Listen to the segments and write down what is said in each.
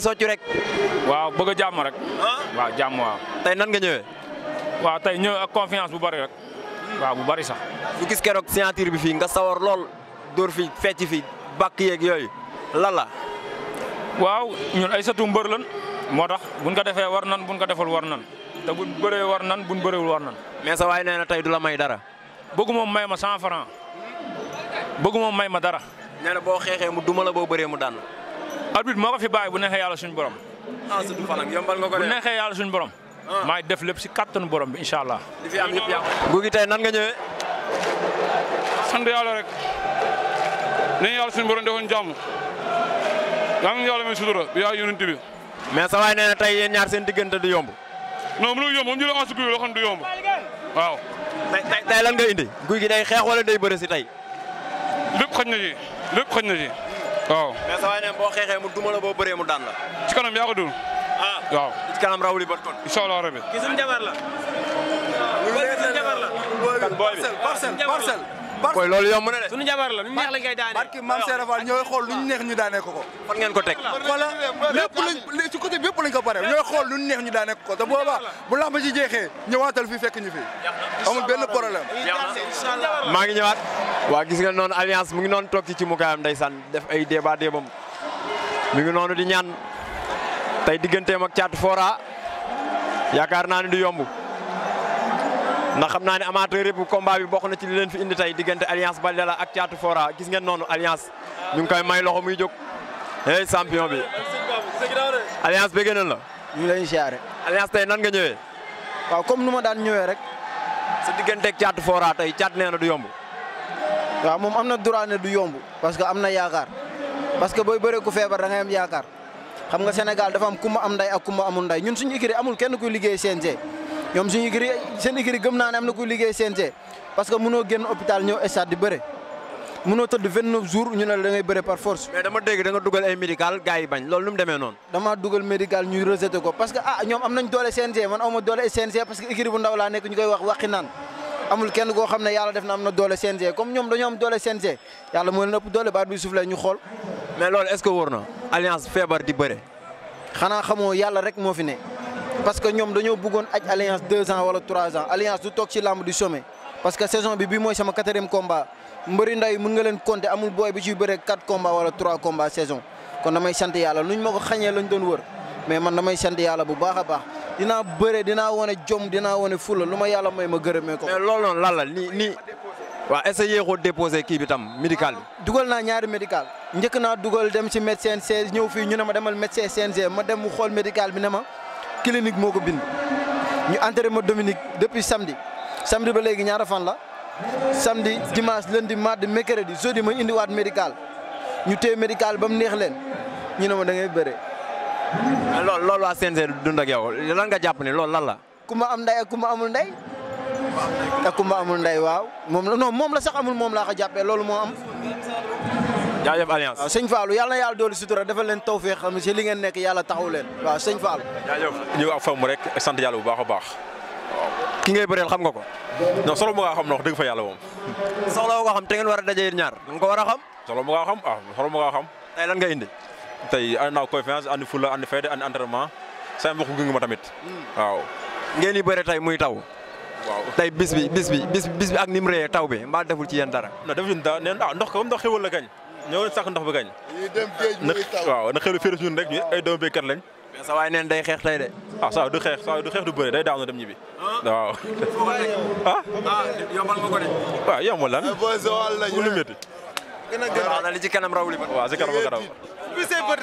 soccu rek. waaw bëgg a jàmm rek. Ah? waaw jàmm waaw. tey nan nga ñëwee. waaw tey ñëw ak confiance bu bari rek. waaw bu bari sax. ñu gis keroog signature bi fii nga sawar lool dóor fi fecc fi bàkk yeeg yooyu lan la. waaw ñun ay sëtu mbër lan moo tax buñ ko defee war nan buñ ko defal war nan te buñ bëree war nan buñ bëreewul war nan. mais sa waay nee na tey du la may dara. bëggu moom may ma cent franc bëggu moom may ma dara. ña ne boo xeexee mu duma la boo bëree mu daan. arbitre moo ko fi bàyyi bu neexee yàlla suñu borom. ah Doudou ko bu neexee yàlla suñu borom. Ah. maay def lépp si kattanu borom bi incha allah. li gi am yëpp yàqu. Gouy Gui tey nan nga ñëwee. sant yàlla rek. nañu yàlla borom defoon jàmm. yaa ngi yàlla sutura bi yaa yonent bi. mais sa waay na tey yéen ñaar seen diggante du yomb. non mënul yomb moom ñu ne en succu loo du yomb waaw. tey tey lan nga indi. Gouy Gui day xeex wala day si tey. lépp xaj na ci lépp xaj waaw mais sa waay ne boo xeexee mu duma la boo bëree mu daan la. ci kanam yaa ko dul. ah waaw ci kanam rawli ba kon. incha allah rabi. ki suñu jabar la. lu leer la booy bi parcelle parcelle parcelle. boy loolu yomb na de. suñu la ñu neex lañ koy daane. barki Mame Serap Fall ñooy xool lu ñu neex ñu ko ko. fan ngeen ko teg. voilà lépp lañ ci côté bépp lañ ko pare ñooy xool lu ñu neex ñu daane ko ko te boobaa bu lamb ji jeexee ñëwaatal fi fekk ñu fi. amul benn problème. maa ngi ñëwaat. waa gis nga noonu alliance mu ngi noonu toog ci ci mukaayam ndeysaan def ay débat débam mu ngi noonu di ñaan tey digganteem ak caatu fora yaakaar naa ni du yomb ndax xam naa ne amateur yëpp combat bi bokk na ci li leen fi indi tey diggante alliance Baldé la ak Thiatou Fora gis ngeen noonu alliance ñu ngi koy may loxo muy jóg hey champion bi alliance bëgg na la. ñu lay siyaare. alliance tey nan nga ñëwee. waaw comme nu ma daan ñëwee rek. sa digganteeg Thiatou Fora tey Thiat nee na du yomb. waaw moom am na duraane du yomb parce que am na yaakaar parce que booy bëre ko feebar da ngay am yaakaar xam nga senegal dafa am kumba am nday ak kumba amul nday ñun suñu écurie amul kenn kuy liggéey ñoom suñu giri seen igri gëm naa ne am na ku liggéey CNG parce que mënoo génn hôpital ñëw stade di bëre mënoo tëdd 29 jours ñu ne la da ngay bëre par force. mais dama dégg da dugal ay médical gars yi bañ loolu nu mu demee noonu. dama dugal médical ñuy rejeté ko parce que ah ñoom am nañ doole CNG man awma doole CNG parce que igri bu ndaw laa nekk ñu koy wax waxi naan amul kenn koo xam ne yàlla def na am na doole CNG comme ñoom dañoo am doole CNG yàlla moo leen ëpp xool. mais loolu est-ce que wóor na feebar di bëre. xanaa xamoo yàlla rek moo fi ne parce que ñoom dañoo buggoon aj alliance deux ans wala trois ans alliance du toog ci làmb du sommet parce que saison bi bii mooy sama quatrième combat mbëri ndaw yi mën nga leen compter amul booy bi ciy bëree quatre combats wala trois combats saison kon damay sant yàlla nuñ ma ko xañee lañ doon wër mais man damay sant yàlla bu baax a baax dinaa bëre dina wane jom dinaa wane fula lu ma yàlla may ma gërëmee ko. mais loolu noonu lan la nii nii. waaw essayé ko déposé kii bi tam médical bi. dugal naa ñaari médical njëkk naa dugal dem ci médecin ñëw fii ñu ne ma demal médecin CNG ma dem mu xool médical bi ne ma clinique moo ko bind ñu enterré ma Dominique depuis samedi samedi ba léegi ñaara fan la samedi dimanche lundi mardi mercredi jeudi ma indiwaat médical ñu téye médical ba mu neex leen ñu ne ma da ngay bëre. loolu loolu waa CNG dund ak yow lan nga jàpp ne lool lan la. ku ma am nday ak ku amul ndey. ak ku ma amul ndey waaw moom la non moom la sax amul moom laa ko jàppee loolu moo am. jaajëf alliance waaw sëñ Fallou yàlla na yàlla doolu sutura defal leen tawféex xam si li ngeen nekk yàlla taxaw leen waaw sëñ Fallou jaajëf ñu ak famu rek sant yàlla bu baax a baax ki ngay bëreel xam nga ko non solo mu xam na wax dëgg fa yàlla moom solo nga xam te ngeen war a ñaar da nga ko war a xam solo mu nga xam ah solo nga xam tey lan nga indi tey ànd naa confiance ànd fulla ànd fayda ànd entraînement saa mbokk gunge ma tamit waaw ngeen di bëre tey muy taw waaw tey bis bi bi bis bi ak nim rëyee taw bi mbaa deful ci yéen dara non deful ci dara neen ah ndox ndox xewal la ñoo leen sàkk ndox bi gañ waaw na xelu féris ñun rek ñu ay doomu béykat lañ mais sa waay neen day xeex tey de ah sa du du xeex du bëre day daaw dem ñibbi ah? waaw ah? ah yombal nga ko de ah, lu métti gën a gën a li li ba kanam raw bi sey bët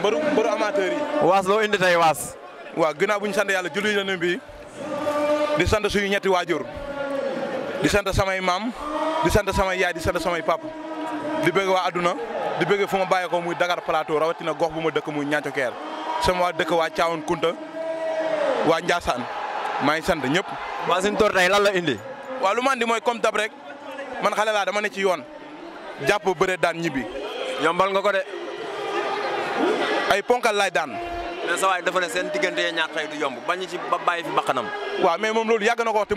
mbaru mbaru amateur waas loo indi tey waas waaw ginnaaw bu ñu yàlla julli na bi di sant suñu ñetti waajur di sant samay maam di sant samay yaay di sant samay papa di bëgg waa adduna di bëgg fu ma bàyyee ko muy Dakar Plateau rawatina gox bu ma dëkk muy Nianthio Kher sama waa dëkk waa Thiawane Kunta waa Ndiassane maa ngi sant ñëpp. waa suñu toor tey lan la indi. waaw lu ma mooy comme dab rek man xale laa dama ne ci yoon jàpp bëre daan ñibbi. yombal nga ko de. ay ponkal laay daan. mais sa waay dafa seen diggante ñaar xëy du yomb bañ ci ba bàyyi fi bakkanam. waaw mais moom loolu yàgg na ko wax te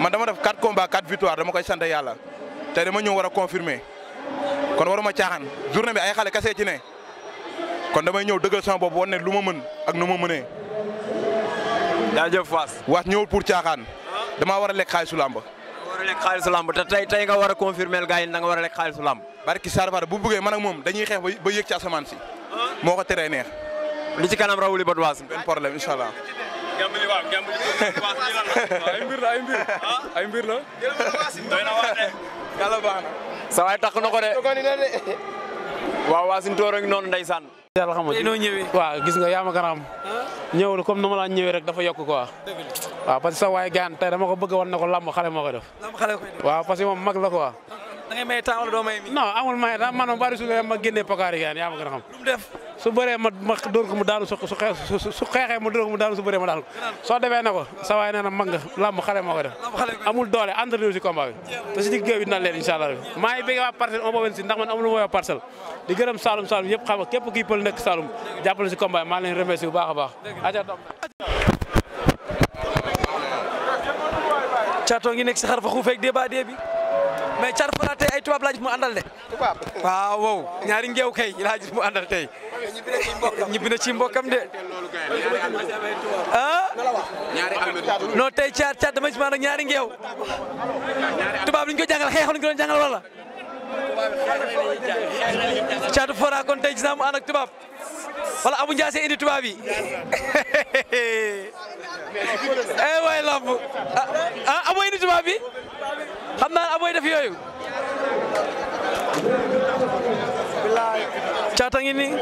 man dama def 4 combats 4 victoires dama koy sant yàlla te dama ñëw war a confirmer kon waruma caaxaan journée bi ay xale kese ci ne kon damay ñëw dëggal sama bopp wane ne lu ma mën ak nu ma mënee. jaajëf Fass. waat ñëwul pour caaxaan ah. damaa war a lekk xaalisu làmb. a lekk xaalisu làmb te tey tey nga war a confirmer gars yi da nga war lekk xaalisu làmb. barki Saar Fara bu bëggee man dañuy xeex ba yëg ci asamaan si ah. moo ko teree neex. li ci kanam rawuli ba duwaas. benn problème ay mbir. Ah. mbir la. doy na na. takk na ko de. waaw waa suñu tooroo ngi noonu ndeysaan. yàlla xam nga waaw gis nga yaa ma gën a xam. Ah. ñëwul comme ni ma la ñëwee rek dafa yokk quoi. waaw parce que sa waay gaan tey dama ko bëgg a wan ne ko lamb xale moo koy def. lamb xale moo koy def waaw la da ngay may temps wala doo may mi. non amul may temps man ma bari su ma génnee pokaari gaan yaa ma gën a xam. su bëree ma ma dóor mu daanu su xeexee ma dóor ko mu daanu su bëree ma daanu soo defee ko sa waay nee na mag lamb xale moo ko amul doole entre si combat bi. te si digg géew bi dina leen incha allah. maa ngi bëgg si ndax man amul lu ma waa di gërëm Saloum Saloum yëpp xam nga képp kii nekk Saloum jàppale si combat maa leen remercier baax a baax. caatoo nekk mais Thiatou Fala tey ay tubaab laa gis mu àndal de. tubaab ñaari ngeew kay laa gis mu àndal tey. ñibbi na ci de. ah. tey Thiat Thiat dama gis ñaari ngeew. tubaab li ñu ko jàngal xeex lu ñu ko doon jàngal wala. Thiatou kon tey gis naa mu tubaab wala Abou Ndiassé indi tubaab eh waay lamb ah, ah aboy ni tubaab bi xam naa aboy def yooyu caata ngi nii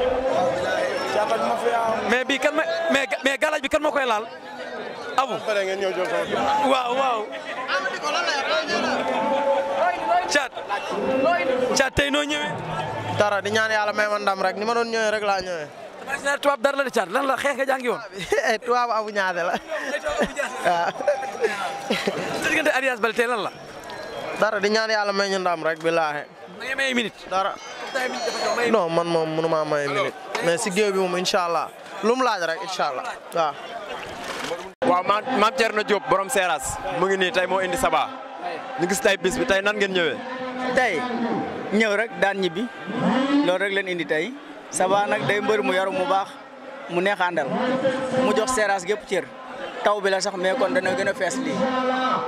mais bi kan ma mais bi kan ma koy laal abu waaw caat caat tey noo ñëwee dara di ñaan yàlla may ma ndam rek ni ma doon ñëwee rek laa ñëwee imaginaire tubaab dara la di caar lan la xeex nga jàngi woon. Eh, tubaab abu ñaase la waaw. sa diggante Alliance Baldé tey lan la. dara di ñaan yàlla may ñu rek billaahi. ma man moom mënu maa may minute. mais si géew bi moom incha allah lu mu laaj rek incha allah waaw. waaw maam Thierno borom Seras mu ngi nii tey moo indi Saba ñu gis tey bis bi tey nan ngeen ñëwee. tey ñëw rek daan ñibbi loolu rek leen indi tey. Saba nag day mbër mu yaru mu baax mu neexaandal mu jox seeraas gépp cër taw bi la sax mais kon dana gën a fees lii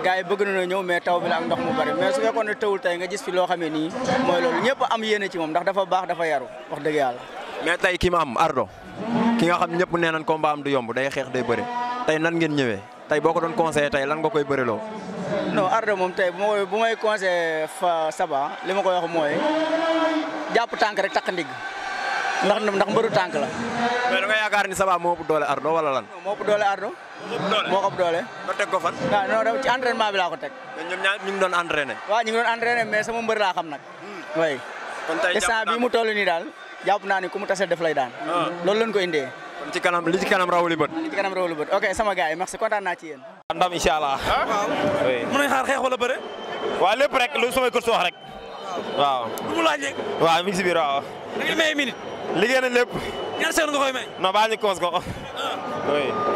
gars yi bëgg nañoo ñëw mais taw bi am ak ndox mu bari mais su fekkoon ne tawul tey nga gis fi loo xamee nii mooy loolu ñëpp am yéene ci moom ndax dafa baax dafa yaru wax dëgg yàlla. mais tey ki ma am Ardo ki nga xam ñëpp nee nañ combat am du yomb day xeex day bëre tey nan ngeen ñëwee tey boo ko doon conseillé tey lan nga koy bëreloo. non Ardo moom tey bu bu may conseillé fa Saba li ma koy wax mooy jàpp tànk rek ndax ndax mbëru tànk la. mais nga yaakaar ni Saba moo ëpp doole Ardo wala lan. moo ëpp doole Ardo. moo ko doole. nga teg ko fan. waaw ah, non ci entraînement bi laa ko teg. ñoom ñu ngi doon entraîné. waaw ñu ngi doon entraîné mais xam nag. way hmm. kon tey bi mu toll nii daal jàpp naa ni ku mu tase def lay daan. Ah. loolu lañ ko indee. kon ci kanam li ci kanam rawali bët. li ci ok sama gars yi merci kontaan naa ci yéen. ndam incha allah. Ah? waaw mën nañu xaar xeex wala bëre. waaw lépp rek lu samay course wax rek. waaw. lu mi si biir waaw. liggéey nañ lépp. ñaar seconde nga koy may. non baa ñu koos ko. Ah. oui.